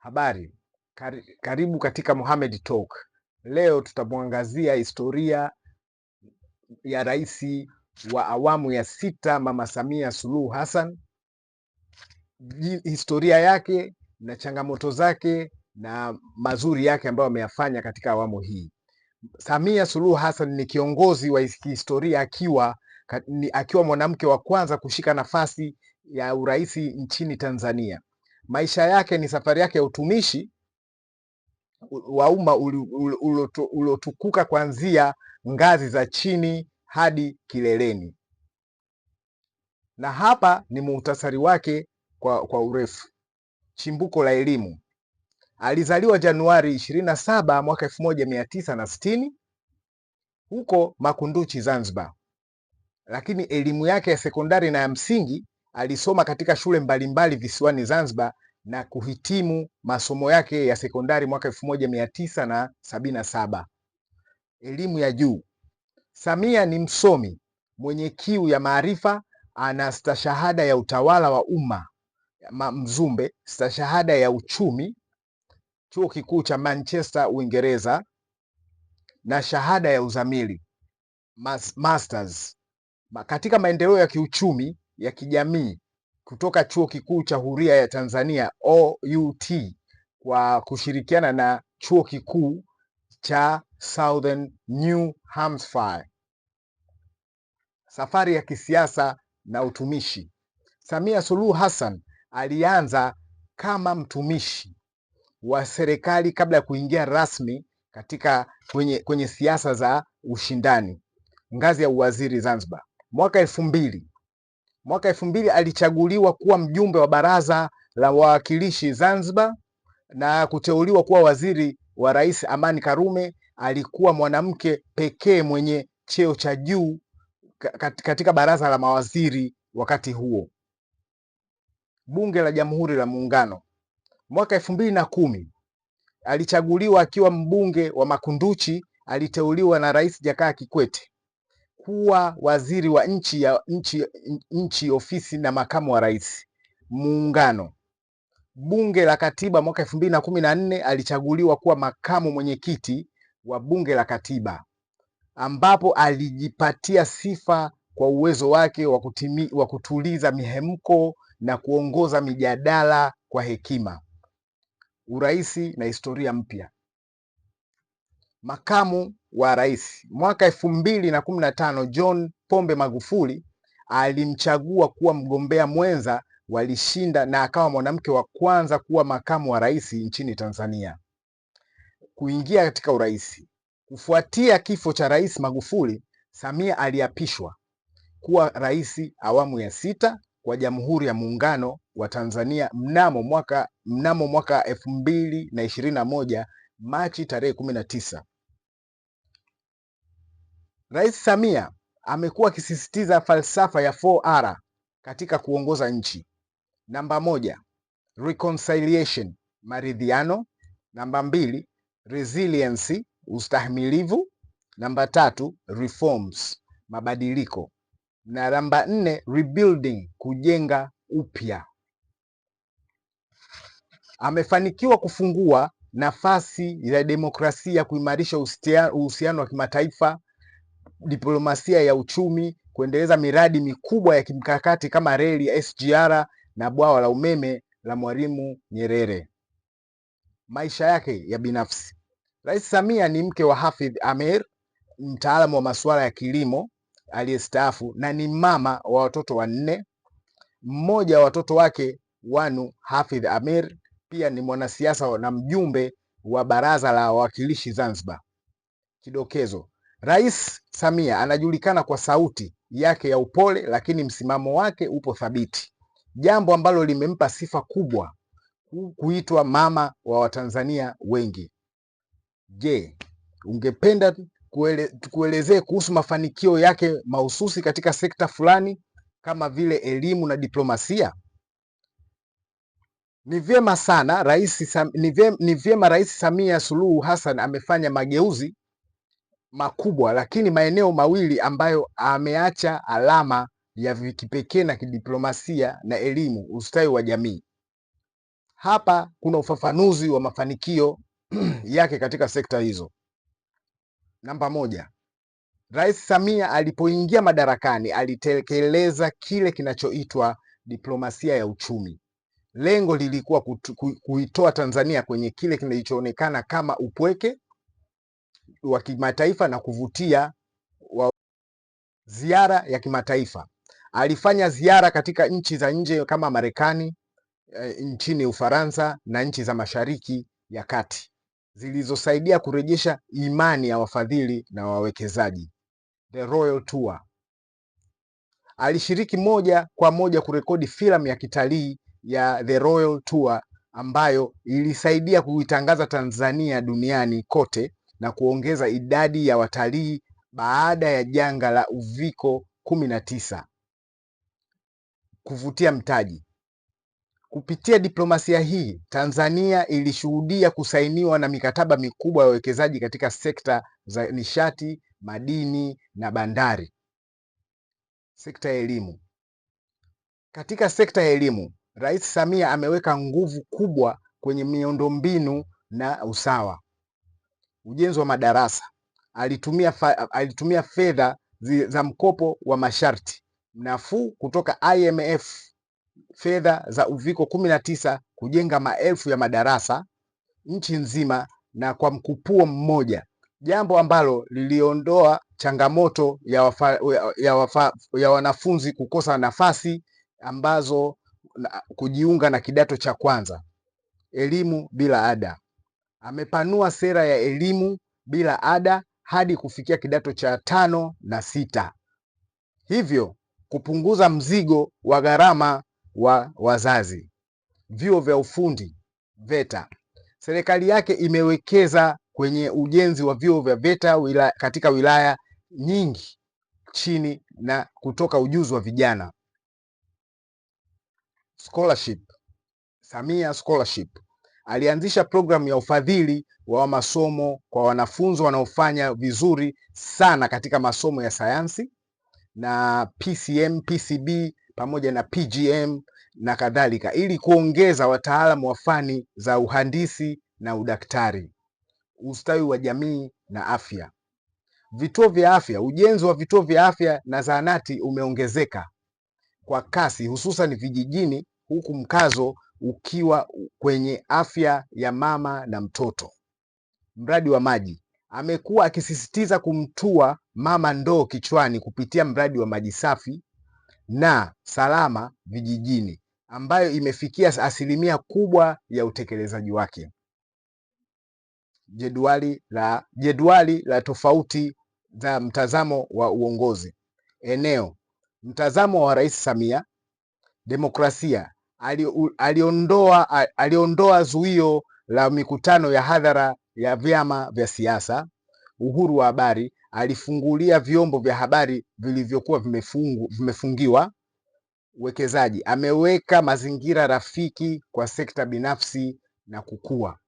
Habari, karibu katika Mohamed Talk. Leo tutamwangazia historia ya rais wa awamu ya sita Mama Samia Suluhu Hassan, historia yake na changamoto zake na mazuri yake ambayo ameyafanya katika awamu hii. Samia Suluhu Hassan ni kiongozi wa kihistoria akiwa akiwa mwanamke wa kwanza kushika nafasi ya urais nchini Tanzania maisha yake ni safari yake ya utumishi wa umma uliotukuka kuanzia ngazi za chini hadi kileleni, na hapa ni muhtasari wake kwa, kwa urefu. Chimbuko la elimu: alizaliwa Januari 27 mwaka 1960 huko Makunduchi, Zanzibar, lakini elimu yake ya sekondari na ya msingi alisoma katika shule mbalimbali visiwani Zanzibar na kuhitimu masomo yake ya sekondari mwaka elfu moja mia tisa na sabini na saba. Elimu ya juu. Samia ni msomi mwenye kiu ya maarifa, ana stashahada ya utawala wa umma Mzumbe, stashahada ya uchumi chuo kikuu cha Manchester Uingereza, na shahada ya uzamili masters katika maendeleo ya kiuchumi, ya kijamii kutoka Chuo Kikuu cha Huria ya Tanzania OUT kwa kushirikiana na Chuo Kikuu cha Southern New Hampshire. Safari ya kisiasa na utumishi. Samia Suluhu Hassan alianza kama mtumishi wa serikali kabla ya kuingia rasmi katika kwenye, kwenye siasa za ushindani ngazi ya uwaziri Zanzibar. Mwaka elfu mbili mwaka elfu mbili alichaguliwa kuwa mjumbe wa baraza la wawakilishi Zanzibar na kuteuliwa kuwa waziri wa Rais Amani Karume. Alikuwa mwanamke pekee mwenye cheo cha juu katika baraza la mawaziri wakati huo. Bunge la Jamhuri la Muungano mwaka elfu mbili na kumi alichaguliwa akiwa mbunge wa Makunduchi. Aliteuliwa na Rais Jakaya Kikwete kuwa waziri wa nchi ya nchi, nchi ofisi na makamu wa rais muungano. Bunge la Katiba mwaka elfu mbili na kumi na nne alichaguliwa kuwa makamu mwenyekiti wa Bunge la Katiba ambapo alijipatia sifa kwa uwezo wake wa kutimi, wa kutuliza mihemko na kuongoza mijadala kwa hekima. Uraisi na historia mpya makamu wa rais mwaka elfu mbili na kumi na tano John Pombe Magufuli alimchagua kuwa mgombea mwenza, walishinda na akawa mwanamke wa kwanza kuwa makamu wa rais nchini Tanzania kuingia katika urais. Kufuatia kifo cha Rais Magufuli, Samia aliapishwa kuwa rais awamu ya sita kwa Jamhuri ya Muungano wa Tanzania mnamo mwaka mnamo mwaka elfu mbili na ishirini na moja Machi tarehe kumi na tisa. Rais Samia amekuwa akisisitiza falsafa ya 4R katika kuongoza nchi. Namba moja, reconciliation, maridhiano. Namba mbili, resiliency, ustahimilivu. Namba tatu, reforms, mabadiliko, na namba nne, rebuilding, kujenga upya. Amefanikiwa kufungua nafasi ya demokrasia kuimarisha uhusiano wa kimataifa diplomasia ya uchumi, kuendeleza miradi mikubwa ya kimkakati kama reli ya SGR na bwawa la umeme la Mwalimu Nyerere. Maisha yake ya binafsi. Rais Samia ni mke wa Hafidh Ameir, mtaalamu wa masuala ya kilimo aliyestaafu na ni mama wa watoto wanne. Mmoja wa watoto wake Wanu Hafidh Ameir pia ni mwanasiasa na mjumbe wa Baraza la Wawakilishi Zanzibar. Kidokezo: Rais Samia anajulikana kwa sauti yake ya upole, lakini msimamo wake upo thabiti, jambo ambalo limempa sifa kubwa kuitwa mama wa Watanzania wengi. Je, ungependa kuele, tukuelezee kuhusu mafanikio yake mahususi katika sekta fulani kama vile elimu na diplomasia? Ni vyema sana rais, ni vyema Rais Samia Suluhu Hassan amefanya mageuzi makubwa, lakini maeneo mawili ambayo ameacha alama ya kipekee na kidiplomasia na elimu, ustawi wa jamii. Hapa kuna ufafanuzi wa mafanikio yake katika sekta hizo. Namba moja, Rais Samia alipoingia madarakani alitekeleza kile kinachoitwa diplomasia ya uchumi. Lengo lilikuwa kuitoa Tanzania kwenye kile kinachoonekana kama upweke wa kimataifa na kuvutia wa ziara ya kimataifa. Alifanya ziara katika nchi za nje kama Marekani, e, nchini Ufaransa na nchi za Mashariki ya Kati zilizosaidia kurejesha imani ya wafadhili na wawekezaji. The Royal Tour. Alishiriki moja kwa moja kurekodi filamu ya kitalii ya The Royal Tour ambayo ilisaidia kuitangaza Tanzania duniani kote na kuongeza idadi ya watalii baada ya janga la uviko kumi na tisa. Kuvutia mtaji. Kupitia diplomasia hii, Tanzania ilishuhudia kusainiwa na mikataba mikubwa ya uwekezaji katika sekta za nishati, madini na bandari. Sekta ya elimu. Katika sekta ya elimu, Rais Samia ameweka nguvu kubwa kwenye miundombinu na usawa ujenzi wa madarasa alitumia, alitumia fedha za mkopo wa masharti nafuu kutoka IMF, fedha za uviko kumi na tisa kujenga maelfu ya madarasa nchi nzima na kwa mkupuo mmoja, jambo ambalo liliondoa changamoto ya, wafa, ya, wafa, ya wanafunzi kukosa nafasi ambazo kujiunga na kidato cha kwanza, elimu bila ada. Amepanua sera ya elimu bila ada hadi kufikia kidato cha tano na sita, hivyo kupunguza mzigo wa gharama wa wazazi. Vyuo vya ufundi VETA, serikali yake imewekeza kwenye ujenzi wa vyuo vya VETA wila, katika wilaya nyingi chini na kutoka ujuzi wa vijana. Scholarship, Samia Scholarship alianzisha programu ya ufadhili wa masomo kwa wanafunzi wanaofanya vizuri sana katika masomo ya sayansi na PCM, PCB pamoja na PGM na kadhalika, ili kuongeza wataalamu wa fani za uhandisi na udaktari, ustawi wa jamii na afya. Vituo vya afya, ujenzi wa vituo vya afya na zahanati umeongezeka kwa kasi, hususan vijijini, huku mkazo ukiwa kwenye afya ya mama na mtoto. Mradi wa maji amekuwa akisisitiza kumtua mama ndoo kichwani kupitia mradi wa maji safi na salama vijijini ambayo imefikia asilimia kubwa ya utekelezaji wake. Jedwali la, jedwali la tofauti za mtazamo wa uongozi. Eneo: mtazamo wa Rais Samia, demokrasia aliondoa aliondoa zuio la mikutano ya hadhara ya vyama vya siasa, uhuru wa habari, alifungulia vyombo vya habari vilivyokuwa vimefungu, vimefungiwa uwekezaji, ameweka mazingira rafiki kwa sekta binafsi na kukua.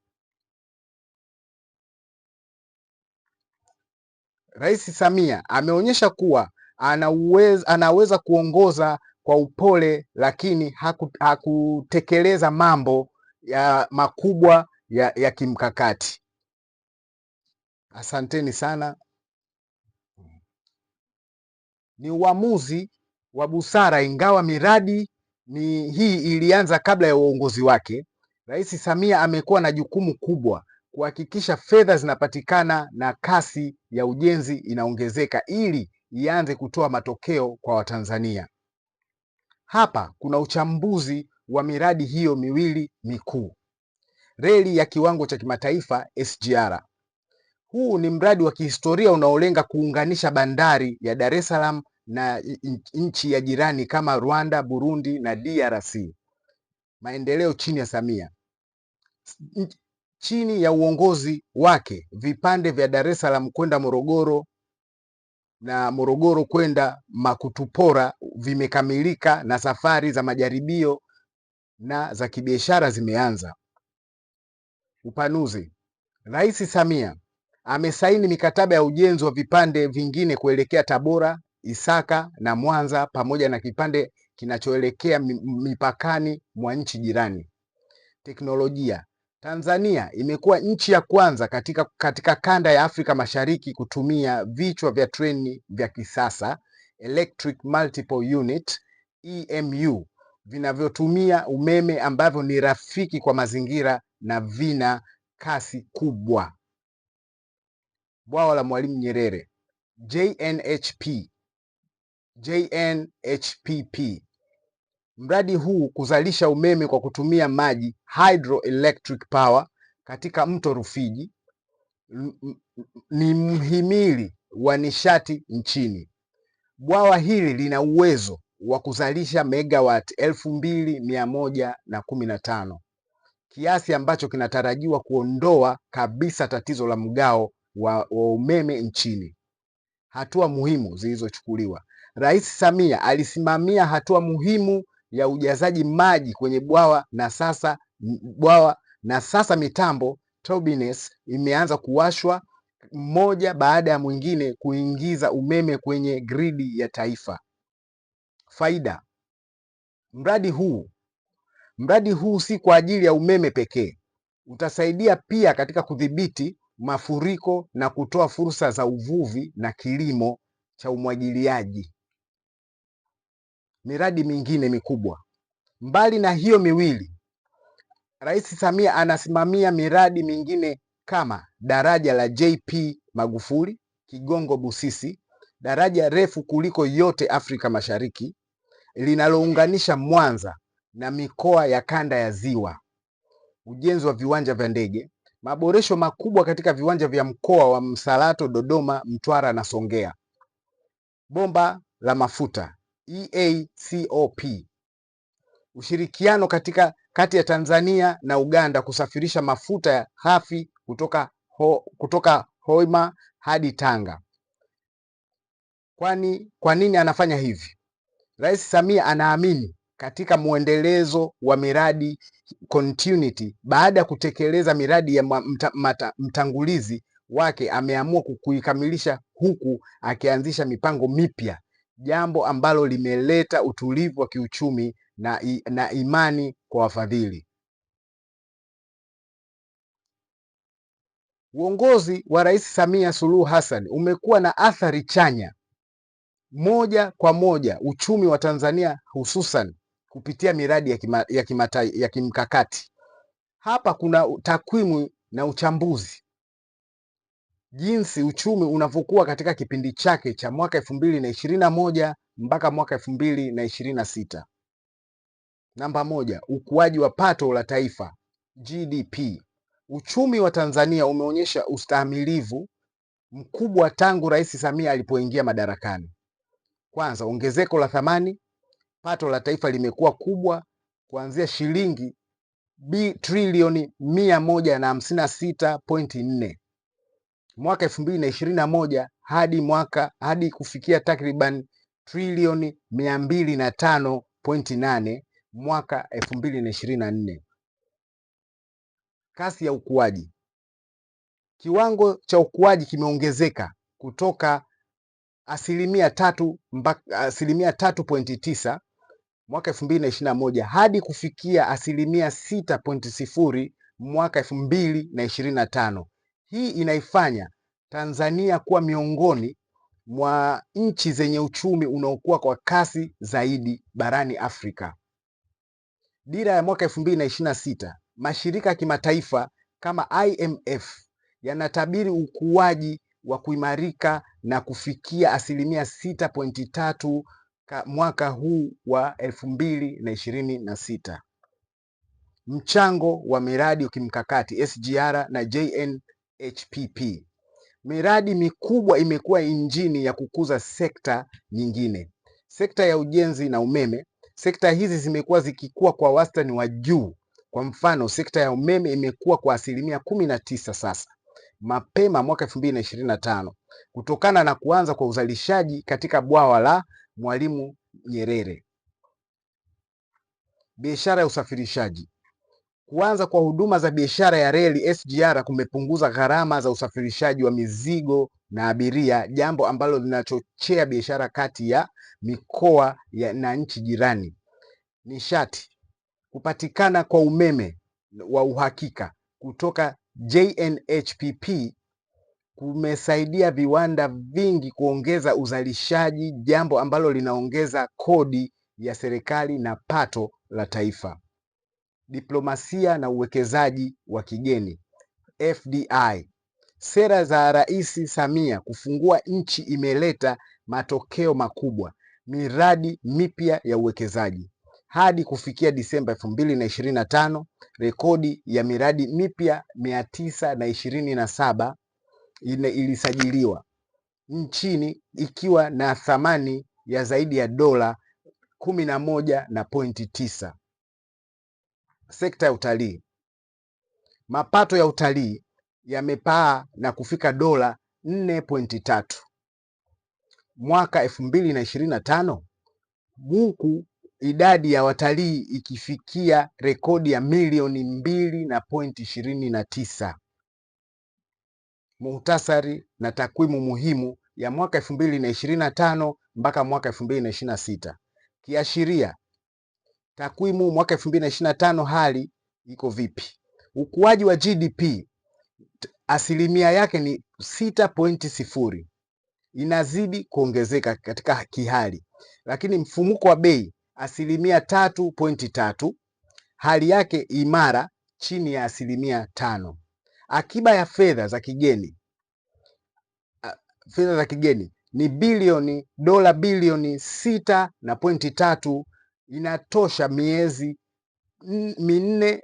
Rais Samia ameonyesha kuwa anaweza, anaweza kuongoza kwa upole, lakini haku, hakutekeleza mambo ya makubwa ya, ya kimkakati. Asanteni sana. Ni uamuzi wa busara, ingawa miradi ni hii ilianza kabla ya uongozi wake. Rais Samia amekuwa na jukumu kubwa kuhakikisha fedha zinapatikana na kasi ya ujenzi inaongezeka ili ianze kutoa matokeo kwa Watanzania. Hapa kuna uchambuzi wa miradi hiyo miwili mikuu. Reli ya kiwango cha kimataifa SGR. Huu ni mradi wa kihistoria unaolenga kuunganisha bandari ya Dar es Salaam na nchi ya jirani kama Rwanda, Burundi na DRC. Maendeleo chini ya Samia. Chini ya uongozi wake, vipande vya Dar es Salaam kwenda Morogoro na Morogoro kwenda Makutupora vimekamilika na safari za majaribio na za kibiashara zimeanza. Upanuzi. Rais Samia amesaini mikataba ya ujenzi wa vipande vingine kuelekea Tabora, Isaka na Mwanza pamoja na kipande kinachoelekea mipakani mwa nchi jirani. Teknolojia. Tanzania imekuwa nchi ya kwanza katika, katika kanda ya Afrika Mashariki kutumia vichwa vya treni vya kisasa Electric Multiple Unit EMU vinavyotumia umeme ambavyo ni rafiki kwa mazingira na vina kasi kubwa. Bwawa la Mwalimu Nyerere JNHP JNHPP mradi huu kuzalisha umeme kwa kutumia maji hydroelectric power katika mto Rufiji ni mhimili wa nishati nchini. Bwawa hili lina uwezo wa kuzalisha megawatt elfu mbili mia moja na kumi na tano kiasi ambacho kinatarajiwa kuondoa kabisa tatizo la mgao wa, wa umeme nchini. Hatua muhimu zilizochukuliwa. Rais Samia alisimamia hatua muhimu ya ujazaji maji kwenye bwawa na sasa bwawa na sasa mitambo turbines imeanza kuwashwa mmoja baada ya mwingine kuingiza umeme kwenye gridi ya taifa. Faida: mradi huu mradi huu si kwa ajili ya umeme pekee, utasaidia pia katika kudhibiti mafuriko na kutoa fursa za uvuvi na kilimo cha umwagiliaji miradi mingine mikubwa. Mbali na hiyo miwili, Rais Samia anasimamia miradi mingine kama daraja la JP Magufuli Kigongo Busisi, daraja refu kuliko yote Afrika Mashariki linalounganisha Mwanza na mikoa ya kanda ya Ziwa, ujenzi wa viwanja vya ndege, maboresho makubwa katika viwanja vya mkoa wa Msalato, Dodoma, Mtwara na Songea, bomba la mafuta EACOP, ushirikiano katika kati ya Tanzania na Uganda kusafirisha mafuta ya hafi kutoka, ho, kutoka Hoima hadi Tanga. Kwani kwa nini anafanya hivi? Rais Samia anaamini katika mwendelezo wa miradi continuity. Baada ya kutekeleza miradi ya mta, mta, mtangulizi wake, ameamua kuikamilisha huku akianzisha mipango mipya jambo ambalo limeleta utulivu wa kiuchumi na, na imani kwa wafadhili. Uongozi wa Rais Samia Suluhu Hassan umekuwa na athari chanya moja kwa moja uchumi wa Tanzania hususan kupitia miradi ya, kima, ya, ya kimkakati. Hapa kuna takwimu na uchambuzi jinsi uchumi unavyokuwa katika kipindi chake cha mwaka elfu mbili na ishirini na moja mpaka mwaka elfu mbili na ishirini na sita. Namba moja, ukuaji wa pato la taifa GDP. Uchumi wa Tanzania umeonyesha ustahimilivu mkubwa tangu Rais Samia alipoingia madarakani. Kwanza, ongezeko la thamani, pato la taifa limekuwa kubwa kuanzia shilingi trilioni mia moja na hamsini na sita pointi nne mwaka elfu mbili na ishirini na moja hadi mwaka hadi kufikia takriban trilioni mia mbili na tano pointi nane mwaka elfu mbili na ishirini na nne. Kasi ya ukuaji, kiwango cha ukuaji kimeongezeka kutoka asilimia tatu mpaka asilimia tatu pointi tisa mwaka elfu mbili na ishirini na moja hadi kufikia asilimia sita pointi sifuri mwaka elfu mbili na ishirini na tano hii inaifanya Tanzania kuwa miongoni mwa nchi zenye uchumi unaokuwa kwa kasi zaidi barani Afrika. Dira ya mwaka 2026, mashirika ya kimataifa kama IMF yanatabiri ukuaji wa kuimarika na kufikia asilimia 6.3 mwaka huu wa 2026. Mchango wa miradi ya kimkakati SGR na JN HPP. Miradi mikubwa imekuwa injini ya kukuza sekta nyingine. Sekta ya ujenzi na umeme, sekta hizi zimekuwa zikikua kwa wastani wa juu. Kwa mfano, sekta ya umeme imekuwa kwa asilimia kumi na tisa sasa mapema mwaka 2025 kutokana na kuanza kwa uzalishaji katika bwawa la Mwalimu Nyerere. Biashara ya usafirishaji. Kuanza kwa huduma za biashara ya reli SGR kumepunguza gharama za usafirishaji wa mizigo na abiria, jambo ambalo linachochea biashara kati ya mikoa ya na nchi jirani. Nishati: kupatikana kwa umeme wa uhakika kutoka JNHPP kumesaidia viwanda vingi kuongeza uzalishaji, jambo ambalo linaongeza kodi ya serikali na pato la taifa diplomasia na uwekezaji wa kigeni FDI. Sera za Rais Samia kufungua nchi imeleta matokeo makubwa, miradi mipya ya uwekezaji. Hadi kufikia Disemba 2025, rekodi ya miradi mipya 927 ilisajiliwa nchini ikiwa na thamani ya zaidi ya dola kumi na moja na pointi tisa sekta ya utalii. Mapato ya utalii yamepaa na kufika dola 4.3 mwaka 2025 huku idadi ya watalii ikifikia rekodi ya milioni mbili na point ishirini na tisa. Muhtasari na takwimu muhimu ya mwaka elfu mbili na ishirini na tano mpaka mwaka elfu mbili na ishirini na sita kiashiria Takwimu mwaka 2025 hali iko vipi? Ukuaji wa GDP asilimia yake ni 6.0, inazidi kuongezeka katika kihali, lakini mfumuko wa bei asilimia 3.3, hali yake imara chini ya asilimia tano. Akiba ya fedha za kigeni fedha za kigeni ni bilioni dola bilioni sita na pointi tatu inatosha miezi minne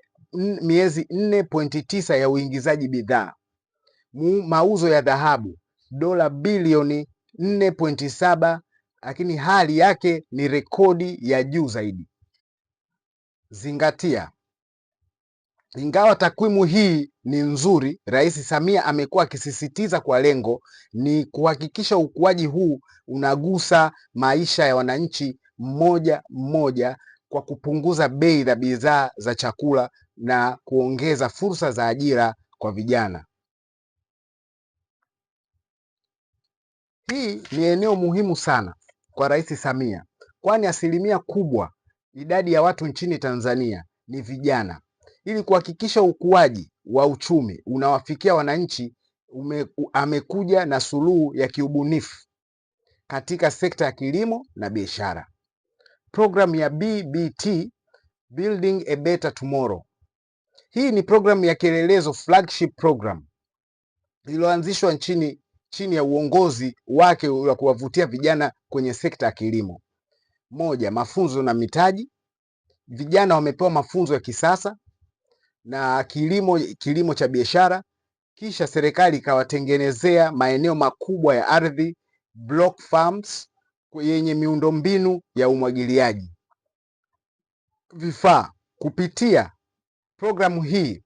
miezi nne pointi tisa ya uingizaji bidhaa. Mauzo ya dhahabu dola bilioni nne pointi saba lakini hali yake ni rekodi ya juu zaidi. Zingatia, ingawa takwimu hii ni nzuri, Rais Samia amekuwa akisisitiza kwa lengo ni kuhakikisha ukuaji huu unagusa maisha ya wananchi mmoja mmoja kwa kupunguza bei za bidhaa za chakula na kuongeza fursa za ajira kwa vijana. Hii ni eneo muhimu sana kwa Rais Samia, kwani asilimia kubwa idadi ya watu nchini Tanzania ni vijana. Ili kuhakikisha ukuaji wa uchumi unawafikia wananchi, amekuja na suluhu ya kiubunifu katika sekta ya kilimo na biashara programu ya BBT, Building a Better Tomorrow. Hii ni programu ya kielelezo flagship program iliyoanzishwa nchini chini ya uongozi wake wa kuwavutia vijana kwenye sekta ya kilimo. Moja, mafunzo na mitaji. Vijana wamepewa mafunzo ya kisasa na kilimo kilimo cha biashara. Kisha serikali ikawatengenezea maeneo makubwa ya ardhi block farms yenye miundombinu ya umwagiliaji vifaa. Kupitia programu hii,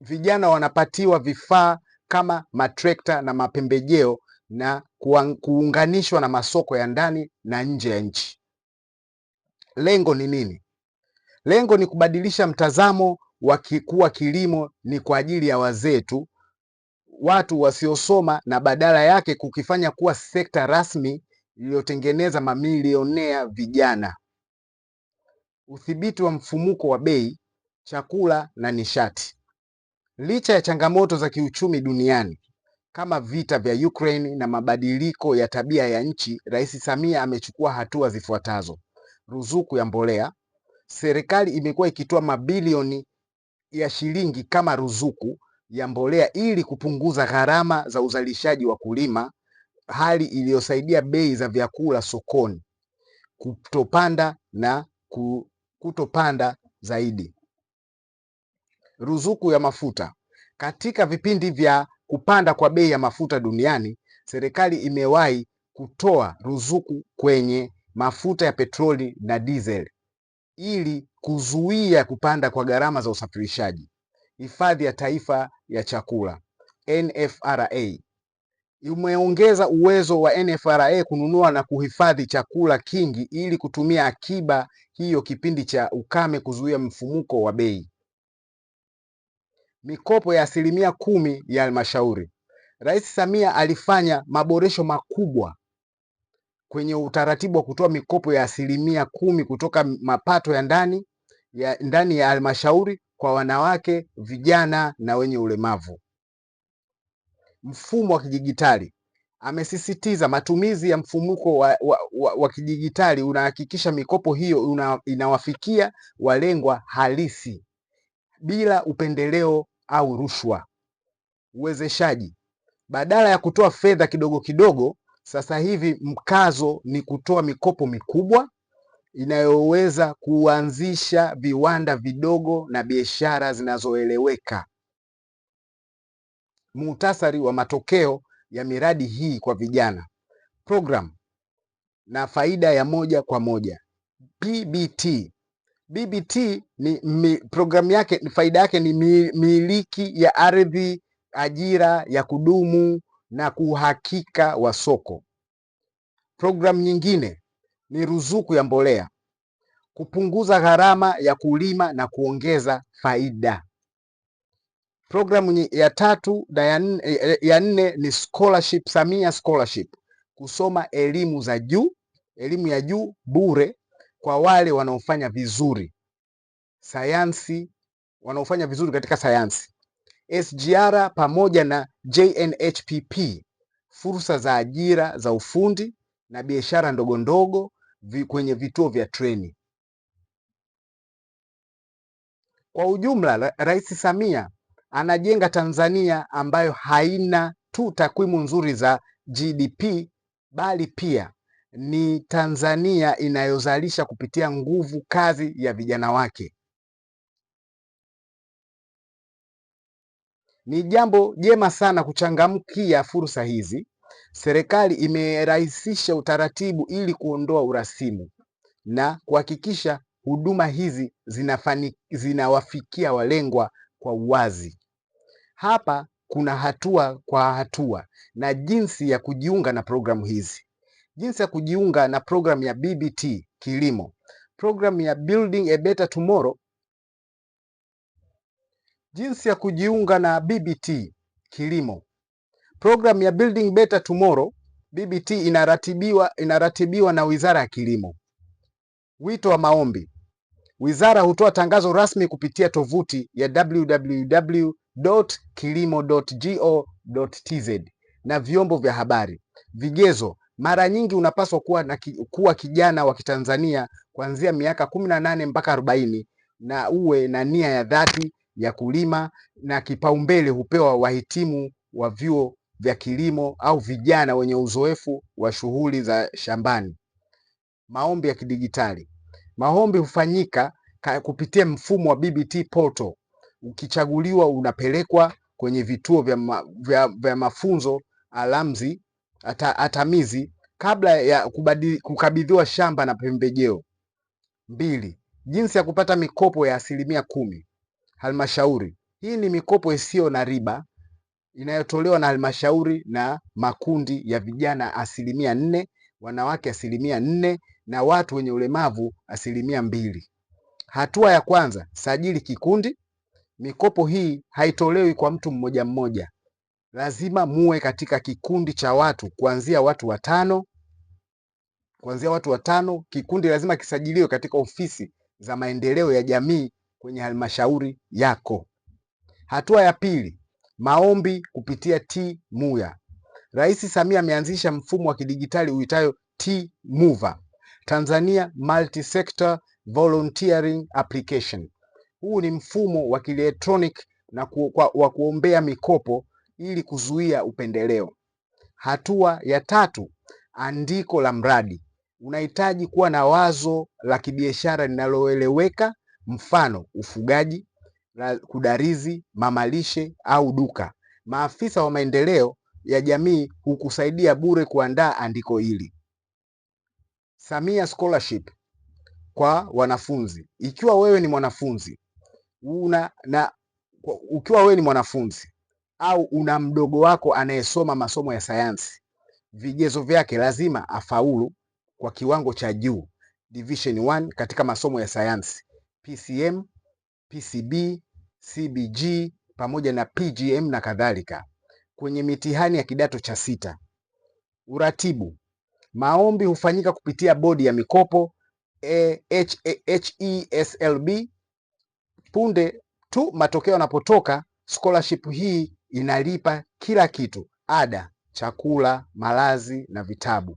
vijana wanapatiwa vifaa kama matrekta na mapembejeo na kuunganishwa na masoko ya ndani na nje ya nchi. Lengo ni nini? Lengo ni kubadilisha mtazamo wa kuwa kilimo ni kwa ajili ya wazee tu, watu wasiosoma, na badala yake kukifanya kuwa sekta rasmi lililotengeneza mamilionea vijana, udhibiti wa mfumuko wa bei, chakula na nishati. Licha ya changamoto za kiuchumi duniani kama vita vya Ukraine na mabadiliko ya tabia ya nchi, Rais Samia amechukua hatua zifuatazo: ruzuku ya mbolea. Serikali imekuwa ikitoa mabilioni ya shilingi kama ruzuku ya mbolea ili kupunguza gharama za uzalishaji wa kulima hali iliyosaidia bei za vyakula sokoni kutopanda na kutopanda zaidi. Ruzuku ya mafuta. Katika vipindi vya kupanda kwa bei ya mafuta duniani, serikali imewahi kutoa ruzuku kwenye mafuta ya petroli na dizeli ili kuzuia kupanda kwa gharama za usafirishaji. Hifadhi ya Taifa ya Chakula NFRA imeongeza uwezo wa NFRA kununua na kuhifadhi chakula kingi ili kutumia akiba hiyo kipindi cha ukame kuzuia mfumuko wa bei. Mikopo ya asilimia kumi ya halmashauri. Rais Samia alifanya maboresho makubwa kwenye utaratibu wa kutoa mikopo ya asilimia kumi kutoka mapato ya ndani ya ndani ya halmashauri kwa wanawake, vijana na wenye ulemavu mfumo wa kidijitali. Amesisitiza matumizi ya mfumuko wa, wa, wa, wa kidijitali unahakikisha mikopo hiyo una, inawafikia walengwa halisi bila upendeleo au rushwa. Uwezeshaji, badala ya kutoa fedha kidogo kidogo, sasa hivi mkazo ni kutoa mikopo mikubwa inayoweza kuanzisha viwanda vidogo na biashara zinazoeleweka muhtasari wa matokeo ya miradi hii kwa vijana, program na faida ya moja kwa moja. BBT BBT ni programu yake faida yake ni miliki ya ardhi, ajira ya kudumu na uhakika wa soko. Programu nyingine ni ruzuku ya mbolea, kupunguza gharama ya kulima na kuongeza faida. Programu ya tatu na eh, eh, ya nne ni scholarship, Samia Scholarship, kusoma elimu za juu, elimu ya juu bure kwa wale wanaofanya vizuri sayansi, wanaofanya vizuri katika sayansi. SGR pamoja na JNHPP, fursa za ajira za ufundi na biashara ndogo ndogo kwenye vituo vya treni. Kwa ujumla, Rais Samia anajenga Tanzania ambayo haina tu takwimu nzuri za GDP bali pia ni Tanzania inayozalisha kupitia nguvu kazi ya vijana wake. Ni jambo jema sana kuchangamkia fursa hizi. Serikali imerahisisha utaratibu ili kuondoa urasimu na kuhakikisha huduma hizi zinafani, zinawafikia walengwa kwa uwazi. Hapa kuna hatua kwa hatua na jinsi ya kujiunga na programu hizi. Jinsi ya kujiunga na programu ya BBT Kilimo, programu ya Building a Better Tomorrow. Jinsi ya kujiunga na BBT Kilimo, programu ya Building Better Tomorrow. BBT inaratibiwa, inaratibiwa na Wizara ya Kilimo. Wito wa maombi. Wizara hutoa tangazo rasmi kupitia tovuti ya www.kilimo.go.tz na vyombo vya habari. Vigezo: mara nyingi unapaswa kuwa na ki, kuwa kijana wa Kitanzania kuanzia miaka kumi na nane mpaka arobaini na uwe na nia ya dhati ya kulima, na kipaumbele hupewa wahitimu wa vyuo vya kilimo au vijana wenye uzoefu wa shughuli za shambani. Maombi ya kidigitali. Maombi hufanyika kupitia mfumo wa BBT Portal. Ukichaguliwa unapelekwa kwenye vituo vya, ma, vya, vya mafunzo alamzi ata, atamizi kabla ya kubadili, kukabidhiwa shamba na pembejeo. Mbili, jinsi ya kupata mikopo ya asilimia kumi halmashauri. Hii ni mikopo isiyo na riba inayotolewa na halmashauri na makundi ya vijana asilimia nne, wanawake asilimia nne na watu wenye ulemavu asilimia mbili. Hatua ya kwanza, sajili kikundi. Mikopo hii haitolewi kwa mtu mmoja mmoja, lazima muwe katika kikundi cha watu kuanzia watu watano, kuanzia watu watano. Kikundi lazima kisajiliwe katika ofisi za maendeleo ya jamii kwenye halmashauri yako. Hatua ya pili, maombi kupitia T-MUYA. Rais Samia ameanzisha mfumo wa kidijitali uitayo T-MUVA Tanzania Multi-Sector Volunteering Application. Huu ni mfumo wa kielektroniki na ku, kwa, wa kuombea mikopo ili kuzuia upendeleo. Hatua ya tatu, andiko la mradi. Unahitaji kuwa na wazo la kibiashara linaloeleweka, mfano ufugaji, kudarizi, mamalishe au duka. Maafisa wa maendeleo ya jamii hukusaidia bure kuandaa andiko hili. Samia Scholarship kwa wanafunzi. Ikiwa wewe ni mwanafunzi una, na ukiwa wewe ni mwanafunzi au una mdogo wako anayesoma masomo ya sayansi, vigezo vyake lazima afaulu kwa kiwango cha juu division 1 katika masomo ya sayansi PCM, PCB, CBG pamoja na PGM na kadhalika kwenye mitihani ya kidato cha sita. Uratibu Maombi hufanyika kupitia bodi ya mikopo e, HESLB. E, Punde tu matokeo yanapotoka, scholarship hii inalipa kila kitu: ada, chakula, malazi na vitabu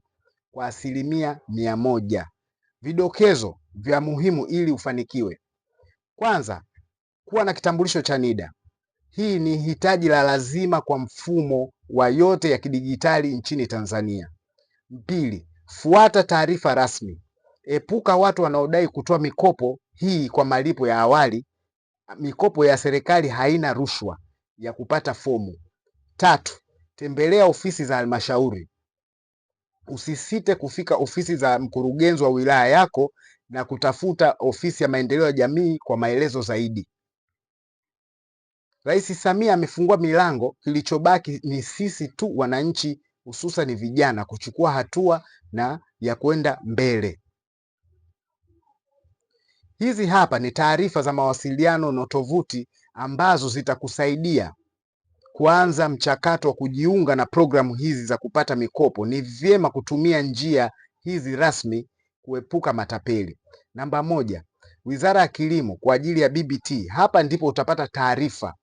kwa asilimia mia moja. Vidokezo vya muhimu ili ufanikiwe: kwanza, kuwa na kitambulisho cha NIDA. Hii ni hitaji la lazima kwa mfumo wa yote ya kidijitali nchini Tanzania. Mbili, fuata taarifa rasmi. Epuka watu wanaodai kutoa mikopo hii kwa malipo ya awali. Mikopo ya serikali haina rushwa ya kupata fomu. Tatu, tembelea ofisi za halmashauri. Usisite kufika ofisi za mkurugenzi wa wilaya yako na kutafuta ofisi ya maendeleo ya jamii kwa maelezo zaidi. Rais Samia amefungua milango, kilichobaki ni sisi tu wananchi hususani vijana kuchukua hatua na ya kwenda mbele. Hizi hapa ni taarifa za mawasiliano na tovuti ambazo zitakusaidia kuanza mchakato wa kujiunga na programu hizi za kupata mikopo. Ni vyema kutumia njia hizi rasmi kuepuka matapeli. Namba moja, Wizara ya Kilimo kwa ajili ya BBT. Hapa ndipo utapata taarifa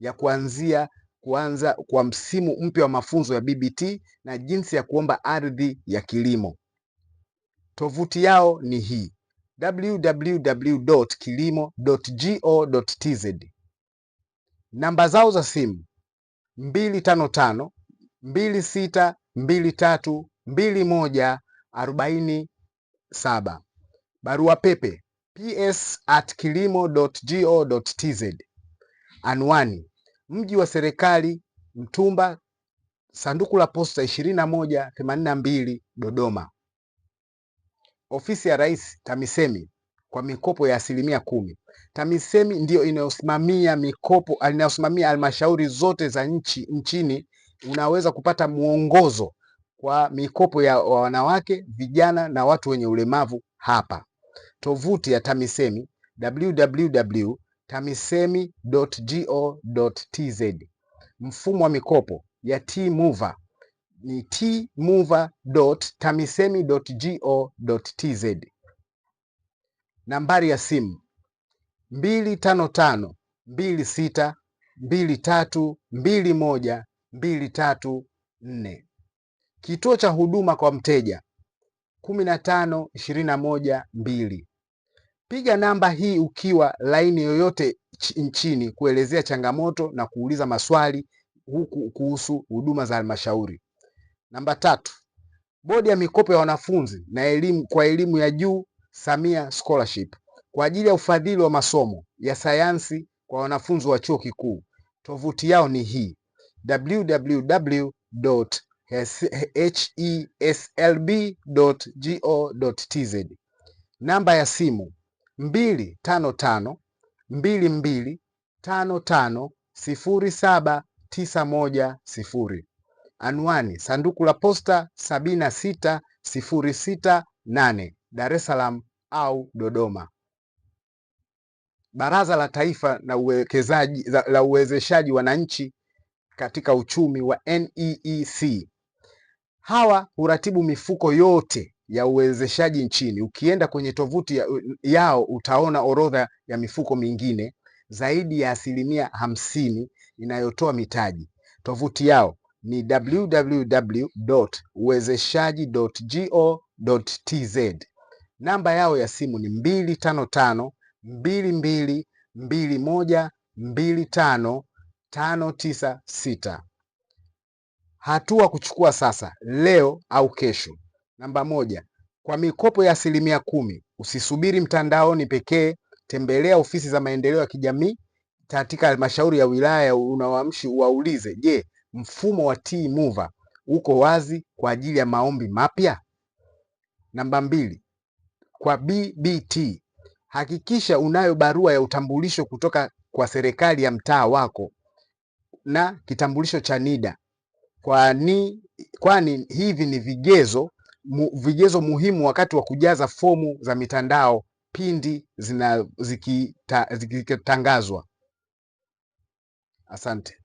ya kuanzia kuanza kwa msimu mpya wa mafunzo ya BBT na jinsi ya kuomba ardhi ya kilimo. Tovuti yao ni hii www.kilimo.go.tz. Namba zao za simu 255 26 23 21 47. Barua pepe ps@kilimo.go.tz. Anwani mji wa serikali Mtumba, sanduku la posta ishirini na moja themanini na mbili Dodoma, ofisi ya Rais TAMISEMI kwa mikopo ya asilimia kumi. TAMISEMI ndiyo inayosimamia mikopo, inayosimamia halmashauri zote za nchi nchini. Unaweza kupata mwongozo kwa mikopo ya wanawake, vijana na watu wenye ulemavu hapa. Tovuti ya TAMISEMI www tamisemi.go.tz. Mfumo wa mikopo ya T-Mova ni tmova.tamisemi.go.tz. Nambari ya simu mbili Kituo cha huduma kwa mteja kumi Piga namba hii ukiwa laini yoyote nchini kuelezea changamoto na kuuliza maswali huku kuhusu huduma za halmashauri. Namba tatu, bodi ya mikopo ya wanafunzi na elimu kwa elimu ya juu Samia Scholarship kwa ajili ya ufadhili wa masomo ya sayansi kwa wanafunzi wa chuo kikuu. Tovuti yao ni hii www.heslb.go.tz. Namba ya simu mbili tano tano mbili mbili tano tano sifuri saba tisa moja sifuri. Anwani sanduku la posta sabini na sita sifuri sita nane Dar es Salaam au Dodoma. Baraza la Taifa la uwekezaji, la uwezeshaji wananchi katika uchumi wa NEEC. Hawa huratibu mifuko yote ya uwezeshaji nchini, ukienda kwenye tovuti ya, yao utaona orodha ya mifuko mingine zaidi ya asilimia hamsini inayotoa mitaji. Tovuti yao ni www.uwezeshaji.go.tz. Namba yao ya simu ni mbili tano tano tisa sita. Hatua kuchukua sasa, leo au kesho. Namba moja, kwa mikopo ya asilimia kumi usisubiri mtandaoni pekee, tembelea ofisi za maendeleo ya kijamii katika halmashauri ya wilaya unaoamshi uwaulize je, mfumo wa T-Mova uko wazi kwa ajili ya maombi mapya? Namba mbili, kwa BBT hakikisha unayo barua ya utambulisho kutoka kwa serikali ya mtaa wako na kitambulisho cha NIDA kwani hivi ni vigezo mu, vigezo muhimu wakati wa kujaza fomu za mitandao pindi zina Asante.